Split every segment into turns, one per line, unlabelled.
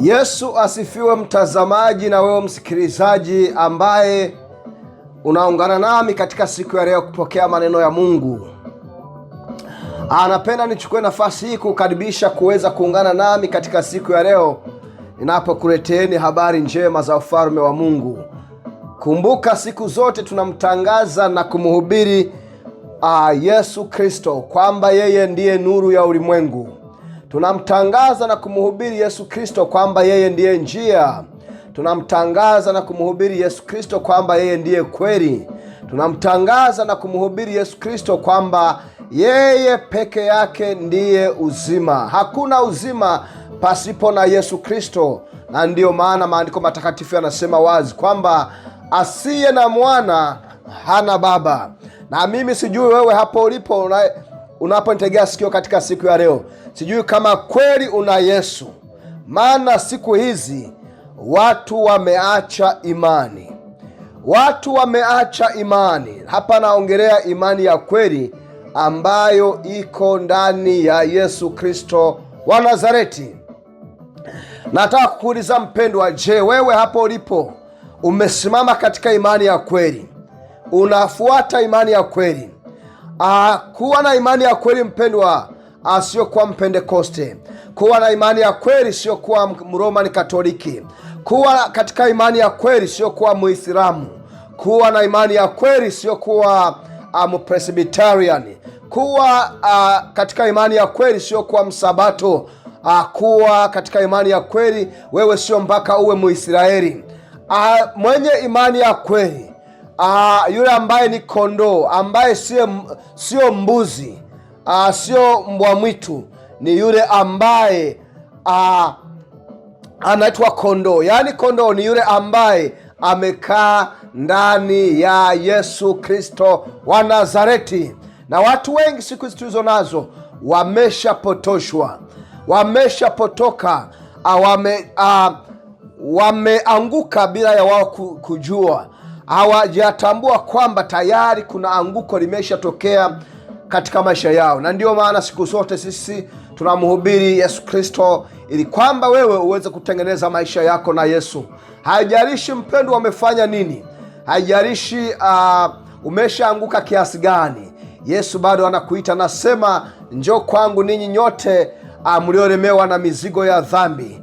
Yesu asifiwe, mtazamaji na wewe msikilizaji ambaye unaungana nami katika siku ya leo kupokea maneno ya Mungu. Anapenda ah, nichukue nafasi hii kukaribisha kuweza kuungana nami katika siku ya leo ninapokuleteeni habari njema za ufalme wa Mungu. Kumbuka siku zote tunamtangaza na kumhubiri uh, Yesu Kristo kwamba yeye ndiye nuru ya ulimwengu Tunamtangaza na kumhubiri Yesu Kristo kwamba yeye ndiye njia. Tunamtangaza na kumhubiri Yesu Kristo kwamba yeye ndiye kweli. Tunamtangaza na kumhubiri Yesu Kristo kwamba yeye peke yake ndiye uzima. Hakuna uzima pasipo na Yesu Kristo, na ndiyo maana maandiko matakatifu yanasema wazi kwamba asiye na mwana hana baba. Na mimi sijui wewe hapo ulipo unaponitegea sikio katika siku ya leo, sijui kama kweli una Yesu, maana siku hizi watu wameacha imani, watu wameacha imani. Hapa naongelea imani ya kweli ambayo iko ndani ya Yesu Kristo wa Nazareti. Nataka kukuuliza mpendwa, je, wewe hapo ulipo umesimama katika imani ya kweli? Unafuata imani ya kweli? Uh, kuwa na imani ya kweli mpendwa, uh, ah, mpendekoste. Kuwa na imani ya kweli siyokuwa mroman katoliki. Kuwa katika imani ya kweli siyokuwa muislamu. Kuwa na imani ya kweli siyokuwa ah, mpresbiterian. Kuwa uh, katika imani ya kweli siyokuwa msabato. kuwa katika imani ya kweli wewe sio mpaka uwe muisraeli. mwenye imani ya kweli uh, yule ambaye ni kondoo ambaye sio mbuzi uh, ah, sio mbwa mwitu, ni yule ambaye uh, anaitwa kondoo. Yaani kondoo ni yule ambaye amekaa ndani ya Yesu Kristo wa Nazareti. Na watu wengi siku hizi tulizo nazo wameshapotoshwa, wameshapotoka, wameanguka bila ya wao kujua hawajatambua kwamba tayari kuna anguko limeshatokea katika maisha yao, na ndiyo maana siku zote sisi tunamhubiri Yesu Kristo ili kwamba wewe uweze kutengeneza maisha yako na Yesu. Haijalishi mpendwa, umefanya nini, haijalishi uh, umeshaanguka kiasi gani, Yesu bado anakuita, nasema njoo kwangu ninyi nyote uh, mliolemewa na mizigo ya dhambi,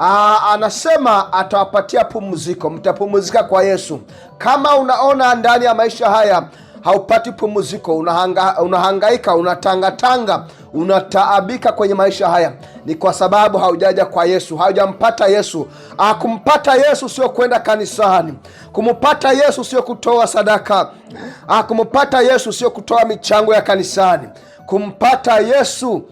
Aa, ah, anasema atawapatia pumziko, mtapumzika kwa Yesu. Kama unaona ndani ya maisha haya haupati pumziko, unahanga, unahangaika, unatangatanga, unataabika kwenye maisha haya, ni kwa sababu haujaja kwa Yesu, haujampata Yesu. Aa, ah, kumpata Yesu sio kwenda kanisani, kumpata Yesu sio kutoa sadaka, Aa, ah, kumpata Yesu sio kutoa michango ya kanisani, kumpata Yesu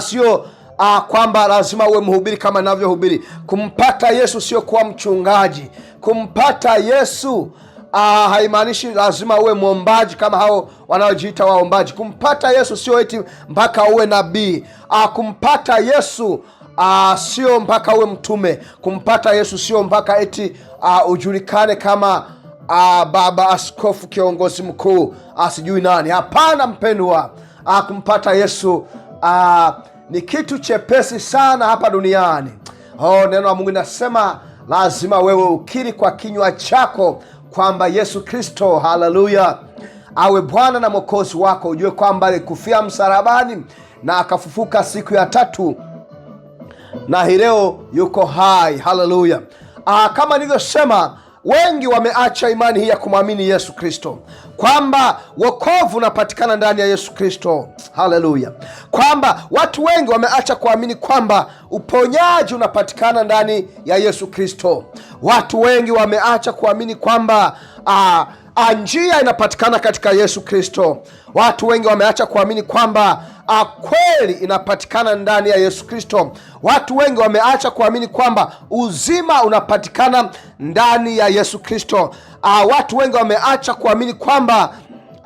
sio Ah, kwamba lazima uwe mhubiri kama navyohubiri. Kumpata Yesu sio kuwa mchungaji. Kumpata Yesu ah, haimaanishi lazima uwe mwombaji kama hao wanaojiita waombaji. Kumpata Yesu sio eti mpaka uwe nabii. Ah, kumpata Yesu Uh, sio mpaka uwe mtume. Kumpata Yesu sio mpaka eti uh, ujulikane kama uh, baba askofu, kiongozi mkuu, asijui uh, nani. Hapana mpendwa, uh, kumpata Yesu uh, ni kitu chepesi sana hapa duniani. Oh, neno la Mungu linasema lazima wewe ukiri kwa kinywa chako kwamba Yesu Kristo, haleluya, awe Bwana na Mwokozi wako, ujue kwamba alikufia msalabani na akafufuka siku ya tatu na hii leo yuko hai, haleluya. Ah, kama nilivyosema wengi wameacha imani hii ya kumwamini Yesu Kristo, kwamba wokovu unapatikana ndani ya Yesu Kristo. Haleluya! Kwamba watu wengi wameacha kuamini kwamba uponyaji unapatikana ndani ya Yesu Kristo. Watu wengi wameacha kuamini kwamba ah, Ah, njia inapatikana katika Yesu Kristo. Watu wengi wameacha kuamini kwamba ah, kweli inapatikana ndani ya Yesu Kristo. Watu wengi wameacha kuamini kwamba uzima unapatikana ndani ya Yesu Kristo. Ah, watu wengi wameacha kuamini kwamba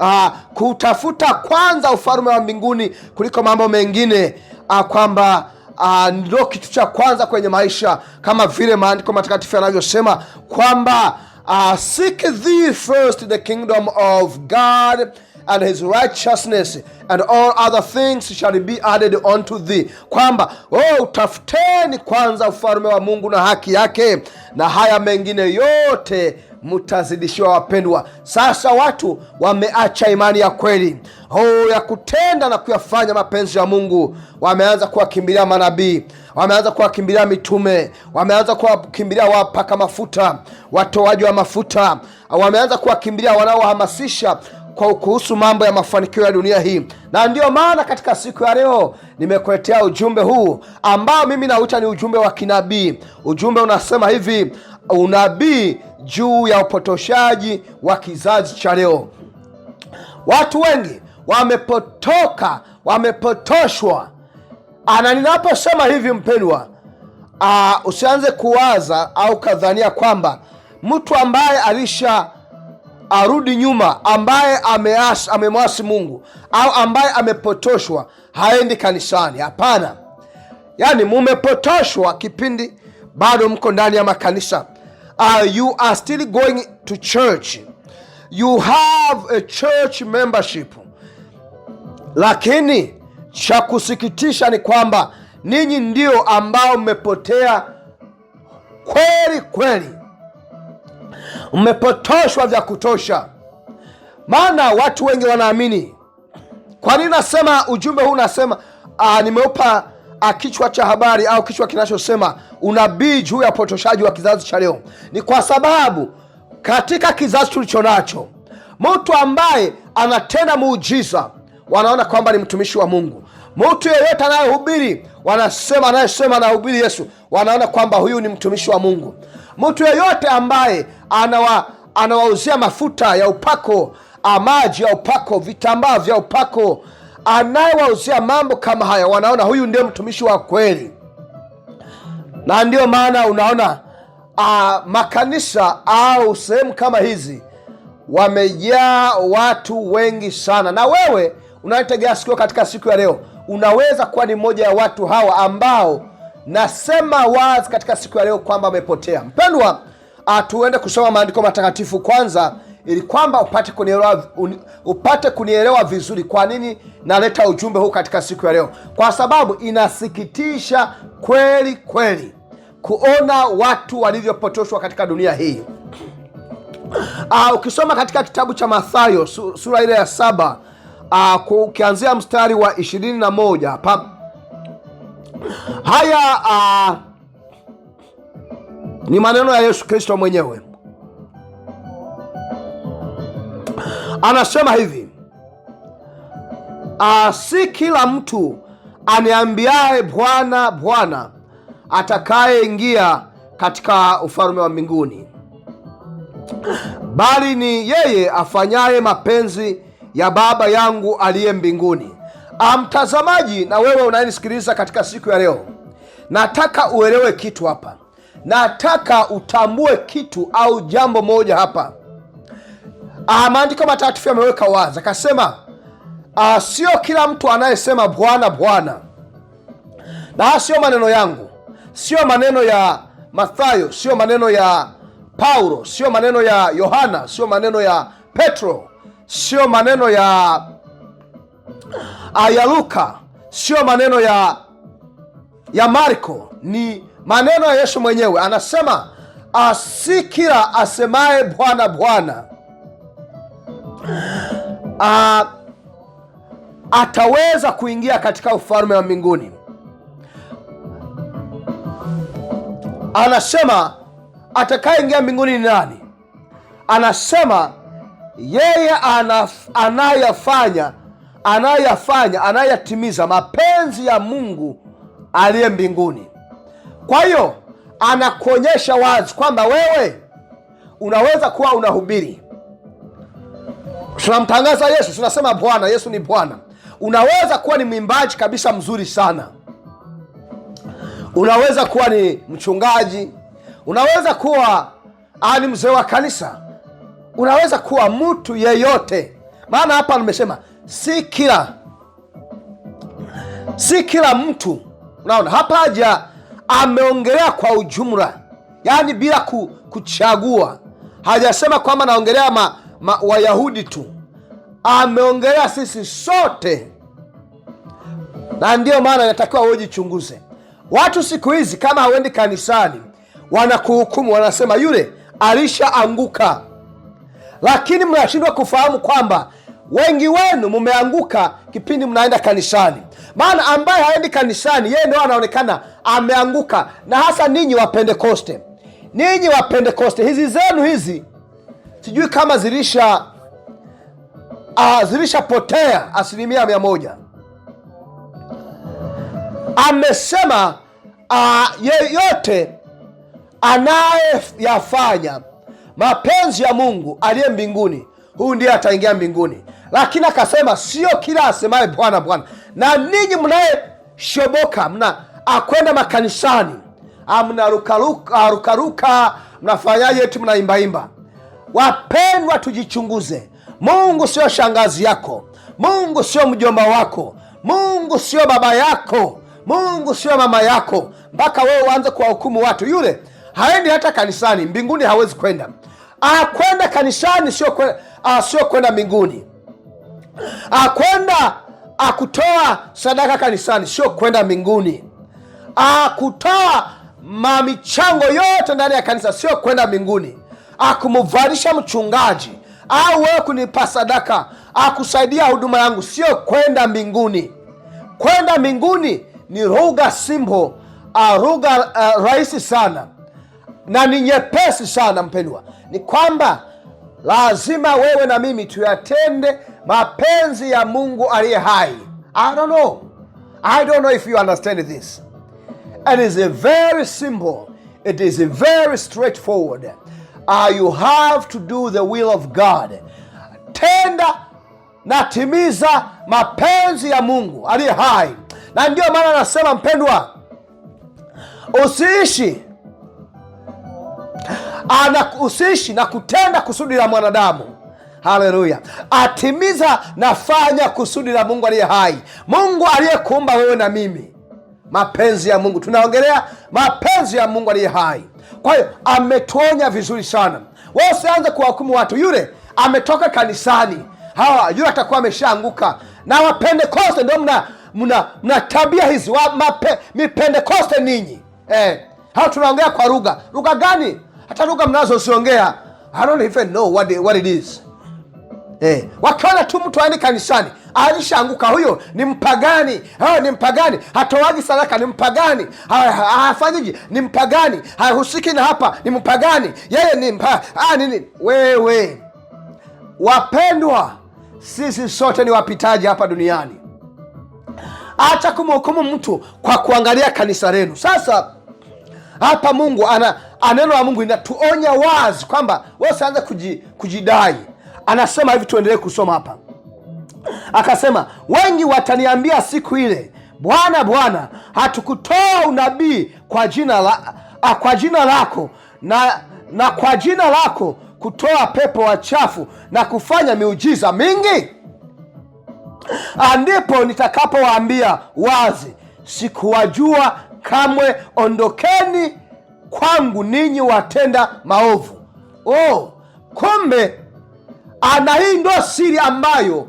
Uh, kutafuta kwanza ufalme wa mbinguni kuliko mambo mengine uh, kwamba uh, ndio kitu cha kwanza kwenye maisha, kama vile maandiko matakatifu yanavyosema kwamba uh, seek thee first the kingdom of God and his righteousness and all other things shall be added unto thee, kwamba oh, utafuteni kwanza ufalume wa Mungu na haki yake na haya mengine yote mtazidishiwa. Wapendwa, sasa watu wameacha imani ya kweli oh, ya kutenda na kuyafanya mapenzi ya Mungu. Wameanza kuwakimbilia manabii, wameanza kuwakimbilia mitume, wameanza kuwakimbilia wapaka mafuta, watoaji wa mafuta, wameanza kuwakimbilia wanaohamasisha kwa kuhusu mambo ya mafanikio ya dunia hii, na ndiyo maana katika siku ya leo nimekuletea ujumbe huu ambao mimi nauita ni ujumbe wa kinabii. Ujumbe unasema hivi, unabii juu ya upotoshaji wa kizazi cha leo. Watu wengi wamepotoka, wamepotoshwa. Na ninaposema hivi mpendwa, ah, usianze kuwaza au kadhania kwamba mtu ambaye alisha arudi nyuma, ambaye ameasi, amemwasi Mungu au ambaye amepotoshwa haendi kanisani? Hapana. Yani mumepotoshwa kipindi bado mko ndani ya makanisa. Uh, you are still going to church, you have a church membership, lakini cha kusikitisha ni kwamba ninyi ndio ambao mmepotea kweli kweli mmepotoshwa vya kutosha. Maana watu wengi wanaamini. Kwa nini nasema ujumbe huu? Nasema ah, nimeupa ah, kichwa cha habari au kichwa kinachosema unabii juu ya upotoshaji wa kizazi cha leo, ni kwa sababu katika kizazi tulicho nacho mtu ambaye anatenda muujiza wanaona kwamba ni mtumishi wa Mungu. Mtu yeyote anayehubiri, wanasema anayesema anahubiri Yesu, wanaona kwamba huyu ni mtumishi wa Mungu. Mtu yeyote ambaye anawa anawauzia mafuta ya upako, maji ya upako, vitambaa vya upako, anayewauzia mambo kama haya, wanaona huyu ndio mtumishi wa kweli. Na ndiyo maana unaona a, makanisa au sehemu kama hizi wamejaa watu wengi sana, na wewe unayetegea sikio katika siku ya leo unaweza kuwa ni mmoja ya watu hawa ambao Nasema wazi katika siku ya leo kwamba amepotea. Mpendwa, ah, tuende kusoma maandiko matakatifu kwanza, ili kwamba upate kunielewa, upate kunielewa vizuri, kwa nini naleta ujumbe huu katika siku ya leo, kwa sababu inasikitisha kweli kweli kuona watu walivyopotoshwa katika dunia hii. Uh, ukisoma katika kitabu cha Mathayo sura ile ya saba, uh, ukianzia mstari wa ishirini na moja hapa Haya uh, ni maneno ya Yesu Kristo mwenyewe anasema hivi uh, si kila mtu aniambiaye Bwana, Bwana atakayeingia katika ufalme wa mbinguni, bali ni yeye afanyaye mapenzi ya Baba yangu aliye mbinguni. Ah, mtazamaji na wewe unayenisikiliza katika siku ya leo, nataka uelewe kitu hapa, nataka utambue kitu au jambo moja hapa. Ah, maandiko matakatifu yameweka wazi, akasema ah, sio kila mtu anayesema Bwana Bwana, na haya siyo maneno yangu, siyo maneno ya Mathayo, siyo maneno ya Paulo, siyo maneno ya Yohana, siyo maneno ya Petro, siyo maneno ya ya Luka, sio maneno ya ya Marko, ni maneno ya Yesu mwenyewe. Anasema si kila asemaye Bwana Bwana ah, ataweza kuingia katika ufalme wa mbinguni. Anasema atakayeingia mbinguni ni nani? Anasema yeye anayafanya anayafanya anayatimiza mapenzi ya Mungu aliye mbinguni. Kwa hiyo anakuonyesha wazi kwamba wewe unaweza kuwa unahubiri, tunamtangaza Yesu, tunasema Bwana Yesu ni Bwana. Unaweza kuwa ni mwimbaji kabisa mzuri sana, unaweza kuwa ni mchungaji, unaweza kuwa ani ah, mzee wa kanisa, unaweza kuwa mtu yeyote, maana hapa nimesema si kila si kila mtu unaona hapa haja ameongelea kwa ujumla, yaani bila ku, kuchagua. Hajasema kwamba naongelea ma, ma, Wayahudi tu, ameongelea sisi sote, na ndiyo maana inatakiwa wejichunguze. Watu siku hizi kama hawendi kanisani, wanakuhukumu wanasema, yule alishaanguka, lakini mnashindwa kufahamu kwamba wengi wenu mmeanguka kipindi mnaenda kanisani. Maana ambaye haendi kanisani, yeye ndio anaonekana ameanguka, na hasa ninyi wa ninyi wa pendekoste hizi zenu hizi sijui kama zilisha uh, ah, zilishapotea asilimia mia moja. Amesema uh, ah, yeyote anayeyafanya mapenzi ya Mungu aliye mbinguni huyu ndiye ataingia mbinguni. Lakini akasema sio kila asemaye Bwana Bwana. Na ninyi mnayeshoboka, mna akwenda makanisani, mnarukaruka, mnafanyaje? tu mnaimbaimba. Wapendwa, tujichunguze. Mungu sio shangazi yako, Mungu sio mjomba wako, Mungu sio baba yako, Mungu sio mama yako, mpaka wewe uanze kuwahukumu watu. Yule haendi hata kanisani, mbinguni hawezi kwenda. Akwenda kanisani sio kwenda Ah, sio kwenda mbinguni. akwenda ah, akutoa ah, sadaka kanisani sio kwenda mbinguni. Akutoa mamichango yote ndani ya kanisa sio kwenda mbinguni. Akumvalisha mchungaji au wewe kunipa sadaka, akusaidia huduma yangu sio kwenda mbinguni. Kwenda mbinguni ni lugha simbo, lugha uh, rahisi sana na ni nyepesi sana mpendwa, ni kwamba lazima wewe na mimi tuyatende mapenzi ya Mungu aliye hai. I don't know. I don't know if you understand this. It is a very simple. It is a very straightforward. Uh, you have to do the will of God. Tenda na timiza mapenzi ya Mungu aliye hai. Na ndiyo maana anasema mpendwa, usiishi anahusishi na kutenda kusudi la mwanadamu. Haleluya! Atimiza nafanya kusudi la Mungu aliye hai, Mungu aliyekuumba wewe na mimi. Mapenzi ya Mungu, tunaongelea mapenzi ya Mungu aliye hai. Kwa hiyo ametuonya vizuri sana. Wewe usianze kuwahukumu watu, yule ametoka kanisani, hawa yule atakuwa ameshaanguka. Na wapendekoste ndio mna, mna, mna tabia hizi, mipendekoste ninyi eh. Hawa tunaongea kwa lugha, lugha gani? hata lugha mnazo I don't even know what it, what it is. Eh, wakiona tu mtu aende kanisani alishaanguka, huyo ni mpagani. Hayo eh, ni mpagani, hatoaji sadaka, ni mpagani, hafanyiji, ni mpagani, hahusiki na hapa, ni mpagani, yeye ni mpa, ah, nini. Wewe wapendwa, sisi sote ni wapitaji hapa duniani. Acha kumhukumu mtu kwa kuangalia kanisa lenu. Sasa hapa Mungu ana Ah, neno la Mungu linatuonya wazi kwamba wasianze kujidai. Anasema hivi, tuendelee kusoma hapa. Akasema, wengi wataniambia siku ile, Bwana Bwana, hatukutoa unabii kwa jina la, a, ah, kwa jina lako na, na kwa jina lako kutoa pepo wachafu na kufanya miujiza mingi? andipo ah, nitakapowaambia wazi, sikuwajua kamwe, ondokeni kwangu ninyi watenda maovu. Oh, kumbe ana hii ndo siri ambayo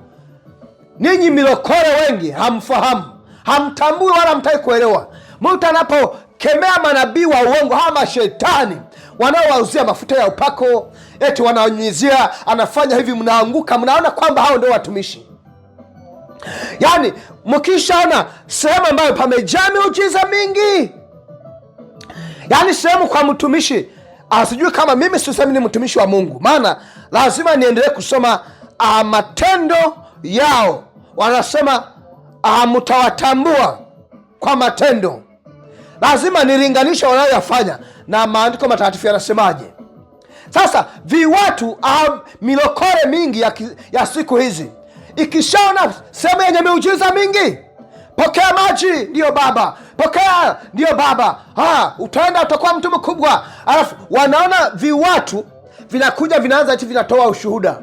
ninyi milokore wengi hamfahamu, hamtambui wala hamtaki kuelewa. Mtu anapokemea manabii wa uongo, hawa mashetani wanaowauzia mafuta ya upako, eti wananyunyizia anafanya hivi, mnaanguka, mnaona kwamba hao ndio watumishi. Yaani mkishaona sehemu ambayo pamejaa miujiza mingi yaani sehemu kwa mtumishi asijui ah, kama mimi sisemi ni mtumishi wa Mungu, maana lazima niendelee kusoma uh, matendo yao. Wanasema uh, ah, mtawatambua kwa matendo. Lazima nilinganisha wanayoyafanya na maandiko matakatifu yanasemaje. Sasa viwatu uh, milokore mingi ya, ya siku hizi ikishaona sehemu yenye miujiza mingi, pokea maji ndiyo baba pokea, ndiyo baba, ha, utaenda utakuwa mtu mkubwa. Alafu wanaona viwatu vinakuja vinaanza ati vinatoa ushuhuda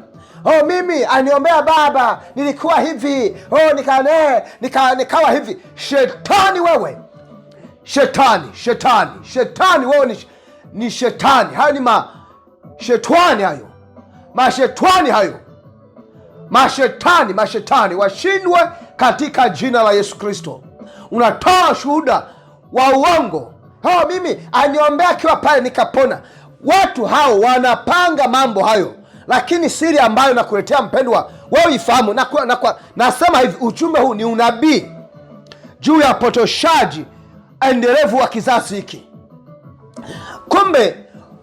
Oh, mimi aniombea baba, nilikuwa hivi oh, nikane, nika, nikawa hivi. Shetani wewe, shetani shetani shetani wewe ni, ni shetani. Hayo ni mashetwani hayo, mashetwani hayo, mashetani mashetani, washindwe katika jina la Yesu Kristo unatoa shuhuda wa uongo hawa mimi aniombea akiwa pale nikapona. Watu hao wanapanga mambo hayo, lakini siri ambayo nakuletea mpendwa, wewe ifahamu. Nasema hivi, uchumbe huu ni unabii juu ya potoshaji endelevu wa kizazi hiki. Kumbe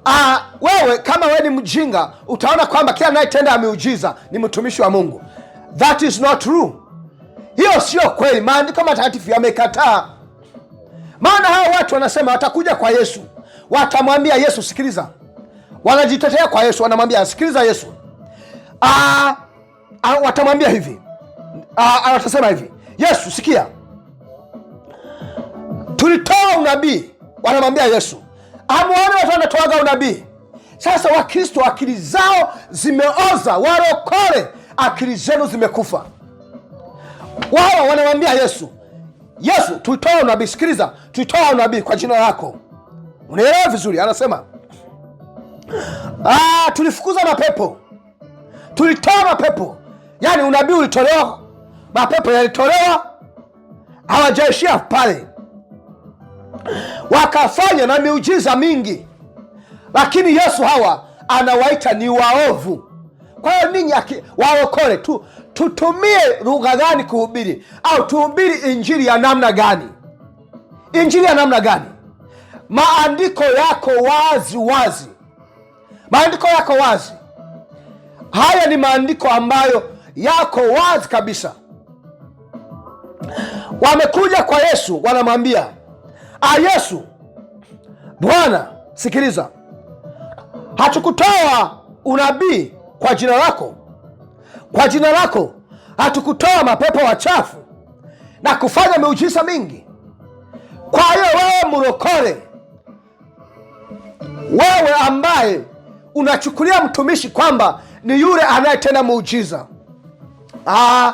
uh, wewe kama wewe ni mjinga, utaona kwamba kila anayetenda ameujiza ni mtumishi wa Mungu. That is not true. Hiyo sio kweli, maandiko matakatifu yamekataa. Maana hao watu wanasema watakuja kwa Yesu, watamwambia Yesu, sikiliza. Wanajitetea kwa Yesu, wanamwambia sikiliza Yesu, aa, ah, aa, ah, watamwambia hivi ah, watasema hivi, Yesu sikia, tulitoa unabii. Wanamwambia Yesu, amuone watu wanatoaga unabii. Sasa Wakristo akili zao zimeoza, warokole, akili zenu zimekufa. Wao wanamwambia Yesu, Yesu, tuitoa unabii. Sikiliza, tuitoa unabii kwa jina lako. Unaelewa vizuri? Anasema ah, tulifukuza mapepo, tulitoa mapepo. Yaani unabii ulitolewa, mapepo yalitolewa. Hawajaishia pale, wakafanya na miujiza mingi, lakini Yesu hawa anawaita ni waovu. Kwa hiyo ninyi waokole tu tutumie lugha gani kuhubiri, au tuhubiri injili ya namna gani? Injili ya namna gani? Maandiko yako wazi wazi, maandiko yako wazi. Haya ni maandiko ambayo yako wazi kabisa. Wamekuja kwa Yesu, wanamwambia a Yesu Bwana, sikiliza, hatukutoa unabii kwa jina lako kwa jina lako hatukutoa mapepo wachafu na kufanya miujiza mingi. Kwa hiyo wewe murokore, wewe ambaye unachukulia mtumishi kwamba ni yule anayetenda muujiza, ah,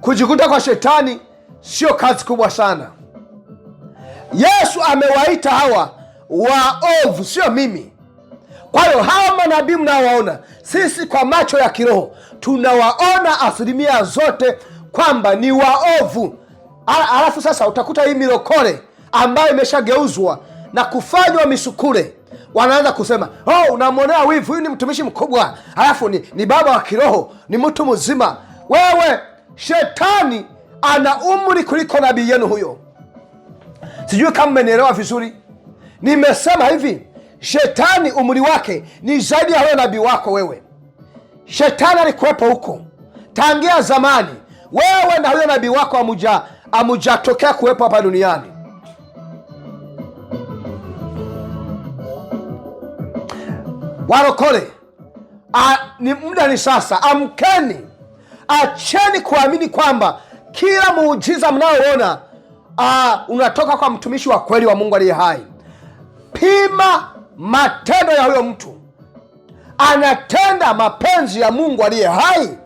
kujikuta kwa shetani sio kazi kubwa sana. Yesu amewaita hawa waovu, sio mimi. Kwa hiyo hawa manabii mnaowaona, sisi kwa macho ya kiroho tunawaona asilimia zote kwamba ni waovu. Alafu sasa utakuta hii mirokole ambayo imeshageuzwa na kufanywa misukule wanaanza kusema oh, unamwonea wivu, huyu ni mtumishi mkubwa, alafu ni, ni baba wa kiroho, ni mtu mzima. Wewe shetani ana umri kuliko nabii yenu huyo. Sijui kama mmenielewa vizuri. Nimesema hivi, Shetani umri wake ni zaidi ya huyo nabii wako wewe. Shetani alikuwepo huko tangia zamani, wewe na huyo nabii wako amuja amujatokea kuwepo hapa duniani. Warokole a, ni muda ni sasa, amkeni, acheni kuamini kwamba kila muujiza mnaoona unatoka kwa mtumishi wa kweli wa Mungu aliye hai. Pima matendo ya huyo mtu, anatenda mapenzi ya Mungu aliye hai.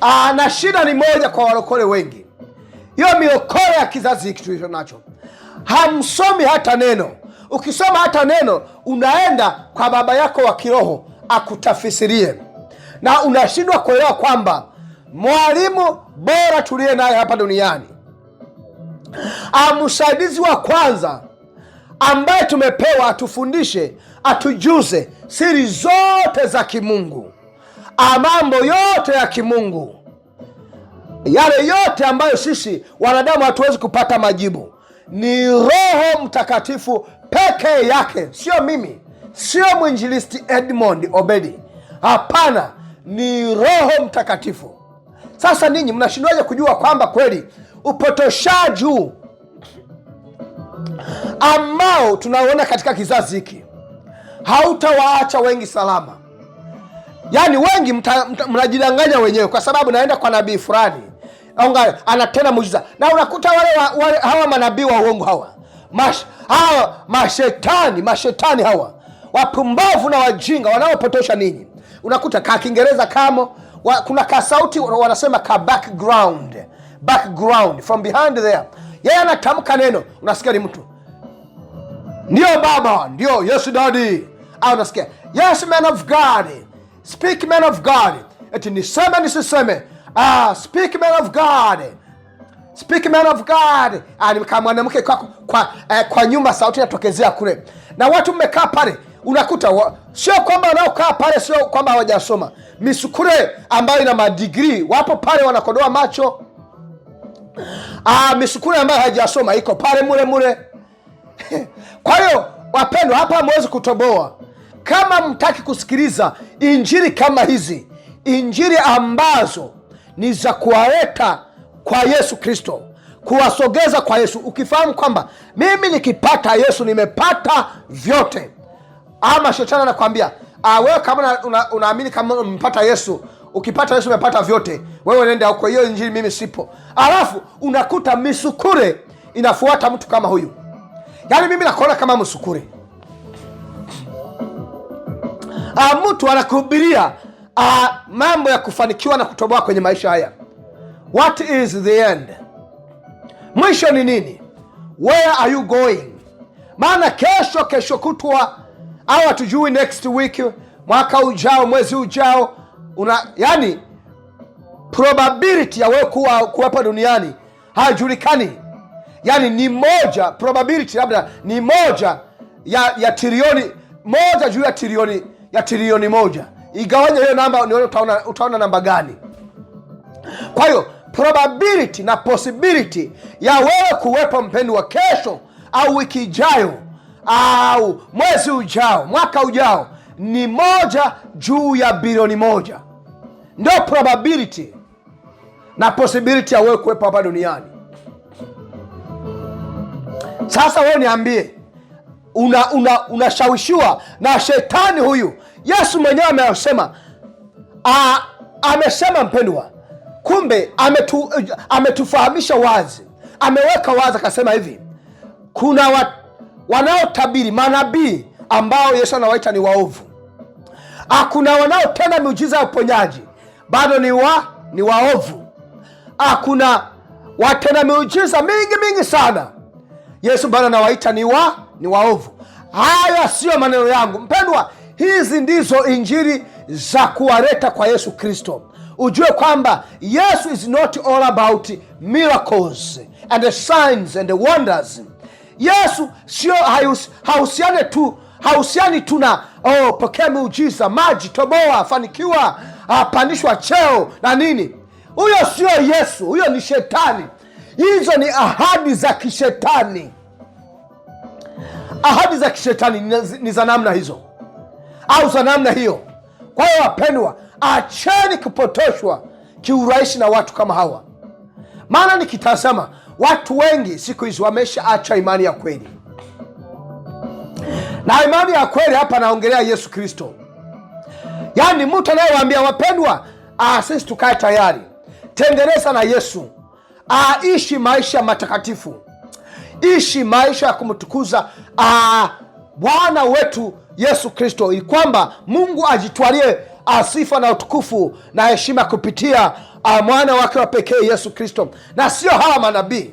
Ana shida ni moja kwa walokole wengi, hiyo miokole ya kizazi hiki tulicho nacho, hamsomi hata neno. Ukisoma hata neno, unaenda kwa baba yako wa kiroho akutafisirie, na unashindwa kuelewa kwamba mwalimu bora tuliye naye hapa duniani, amsaidizi wa kwanza ambaye tumepewa atufundishe, atujuze siri zote za kimungu, mambo yote ya kimungu, yale yote ambayo sisi wanadamu hatuwezi kupata majibu. Ni Roho Mtakatifu pekee yake, sio mimi, sio mwinjilisti Edmond Obedi, hapana, ni Roho Mtakatifu. Sasa ninyi mnashindwaje kujua kwamba kweli upotoshaji huu ambao tunaona katika kizazi hiki, hautawaacha wengi salama. Yaani wengi mnajidanganya wenyewe kwa sababu naenda kwa nabii fulani anatenda muujiza, na unakuta wale, wa, wale hawa manabii wa uongo hawa Mash, hawa mashetani mashetani hawa wapumbavu na wajinga wanaopotosha ninyi, unakuta ka Kiingereza kamo wa, kuna kasauti wanasema ka background, background from behind there, yeye anatamka neno, unasikia ni mtu Ndiyo baba, ndiyo. yesu dadi Au nasikia yes man of God, speak man of God. Eti niseme nisiseme? Ah, speak man of God, speak man of God. Ah, nimekaa mwanamke kwa, kwa, eh, kwa nyuma sauti inatokezea kule, na watu mmekaa pale unakuta wa, sio kwamba wanaokaa pale sio kwamba hawajasoma. misukure ambayo ina madigrii wapo pale wanakodoa macho. Ah, misukule ambayo hajasoma iko pale mule mule kwa hiyo wapendwa, hapa hamwezi kutoboa kama mtaki kusikiliza injili kama hizi, injili ambazo ni za kuwaleta kwa Yesu Kristo, kuwasogeza kwa Yesu, ukifahamu kwamba mimi nikipata Yesu nimepata vyote. Ama shetani anakwambia ah, wewe, kama unaamini una kama umepata Yesu, ukipata Yesu umepata vyote, wewe nenda huko, hiyo injili mimi sipo. Alafu unakuta misukure inafuata mtu kama huyu. Yaani mimi nakuona kama msukuri. Ah, mtu anakuhubiria ah, mambo ya kufanikiwa na kutoboa kwenye maisha haya. What is the end? Mwisho ni nini? Where are you going? Maana kesho, kesho kutwa au hatujui next week, mwaka ujao, mwezi ujao, una yani probability ya wewe kuwa kuwepo duniani hajulikani yani ni moja probability labda ni moja ya ya trilioni moja juu ya trilioni ya trilioni moja. Igawanya hiyo namba utaona, utaona namba gani? Kwa hiyo probability na possibility ya wewe kuwepo mpendo wa kesho au wiki ijayo au mwezi ujao mwaka ujao ni moja juu ya bilioni moja. Ndio probability na possibility ya wewe kuwepo hapa duniani. Sasa wewe niambie, unashawishiwa una, una na shetani huyu. Yesu mwenyewe amesema, amesema mpendwa, kumbe ametu, ametufahamisha wazi, ameweka wazi, akasema hivi kuna wa, wanaotabiri manabii ambao Yesu anawaita ni waovu. Hakuna wanaotenda miujiza ya uponyaji bado ni, wa, ni waovu. Hakuna watenda miujiza mingi mingi sana Yesu bado anawaita ni wa ni waovu. Haya siyo maneno yangu mpendwa, hizi ndizo injili za kuwaleta kwa Yesu Kristo. Ujue kwamba Yesu is not all about miracles and the signs and the wonders. Yesu sio hahusiani tu hahusiani tu na oh, pokea miujiza, maji, toboa, fanikiwa, apandishwa ah, cheo na nini. Huyo sio Yesu, huyo ni shetani. Hizo ni ahadi za kishetani. Ahadi za kishetani ni za namna hizo au za namna hiyo. Kwa hiyo, wapendwa, acheni kupotoshwa kiurahisi na watu kama hawa, maana nikitazama watu wengi siku hizi wameshaacha imani ya kweli, na imani ya kweli hapa naongelea Yesu Kristo, yaani mtu anayewaambia wapendwa, ah, sisi tukae tayari, tengeneza na Yesu aishi ah, maisha matakatifu ishi maisha ya kumtukuza ah, Bwana wetu Yesu Kristo, ili kwamba Mungu ajitwalie ah, sifa na utukufu na heshima kupitia ah, mwana wake wa pekee Yesu Kristo, na sio hawa manabii.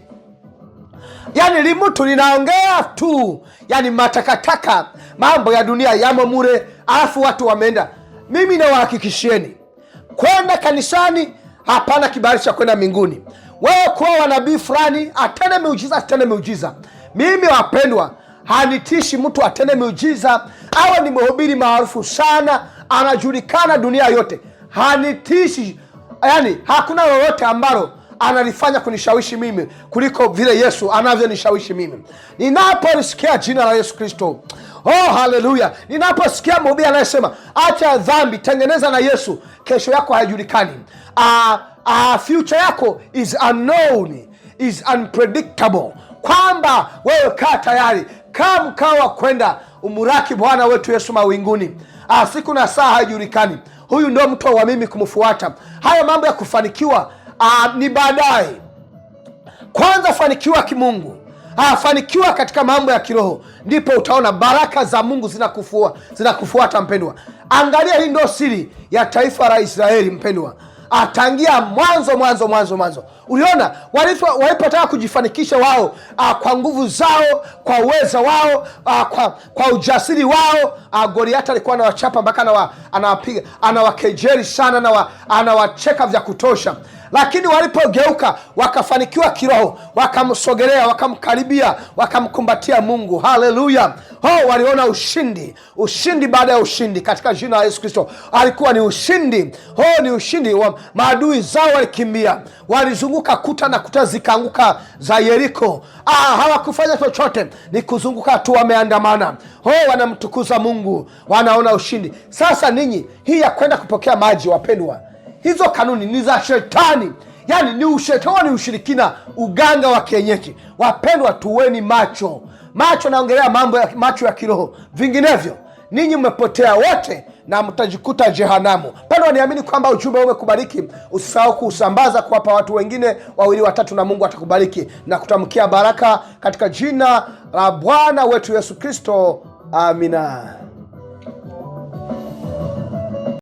Yani limutu linaongea tu, yani matakataka, mambo ya dunia yamo mure, alafu watu wameenda. Mimi nawahakikishieni, kwenda kanisani hapana kibali cha kwenda mbinguni wewe kuoa nabii fulani atende miujiza atende miujiza. Mimi wapendwa, hanitishi mtu atende miujiza, awe ni mhubiri maarufu sana, anajulikana dunia yote, hanitishi. Yani hakuna lolote ambalo analifanya kunishawishi mimi kuliko vile Yesu anavyonishawishi mimi. ninaposikia jina la Yesu Kristo, oh haleluya! Ninaposikia mhubiri anayesema acha dhambi, tengeneza na Yesu, kesho yako haijulikani. Ah, uh, future yako is unknown, is unpredictable, kwamba wewe kaa tayari, kaa mkaa wa kwenda umuraki Bwana wetu Yesu mawinguni. Uh, siku na saa haijulikani. Huyu ndio mtu wa mimi kumfuata. Haya mambo ya kufanikiwa uh, ni baadaye. Kwanza fanikiwa kimungu afanikiwa katika mambo ya kiroho, ndipo utaona baraka za Mungu zinakufuata, zinakufuata mpendwa. Angalia, hii ndio siri ya taifa la Israeli mpendwa atangia mwanzo mwanzo mwanzo mwanzo Uliona walipotaka kujifanikisha wao a, ah, kwa nguvu zao, kwa uweza wao a, ah, kwa, kwa ujasiri wao a, ah, Goliati alikuwa anawachapa mpaka anawapiga, anawakejeri sana na anawacheka vya kutosha lakini walipogeuka wakafanikiwa kiroho, wakamsogelea, wakamkaribia, wakamkumbatia Mungu. Haleluya! Oh, waliona ushindi, ushindi baada ya ushindi katika jina la Yesu Kristo. Alikuwa ni ushindi, oh, ni ushindi. Maadui zao walikimbia, walizungu kuzunguka kuta na kuta zikaanguka za Yeriko. Ah, hawakufanya chochote, ni kuzunguka tu, wameandamana. Oh, wanamtukuza Mungu, wanaona ushindi. Sasa ninyi, hii ya kwenda kupokea maji, wapendwa, hizo kanuni ni za shetani. Yani ni ushetani, ushirikina, uganga wa kienyeji. Wapendwa, tuweni macho macho, naongelea mambo ya macho ya kiroho, vinginevyo ninyi mmepotea wote na mtajikuta jehanamu. Mpendwa, niamini kwamba ujumbe umekubariki. Usisahau kuusambaza, kuwapa watu wengine wawili watatu, na Mungu atakubariki na kutamkia baraka katika jina la Bwana wetu Yesu Kristo, amina.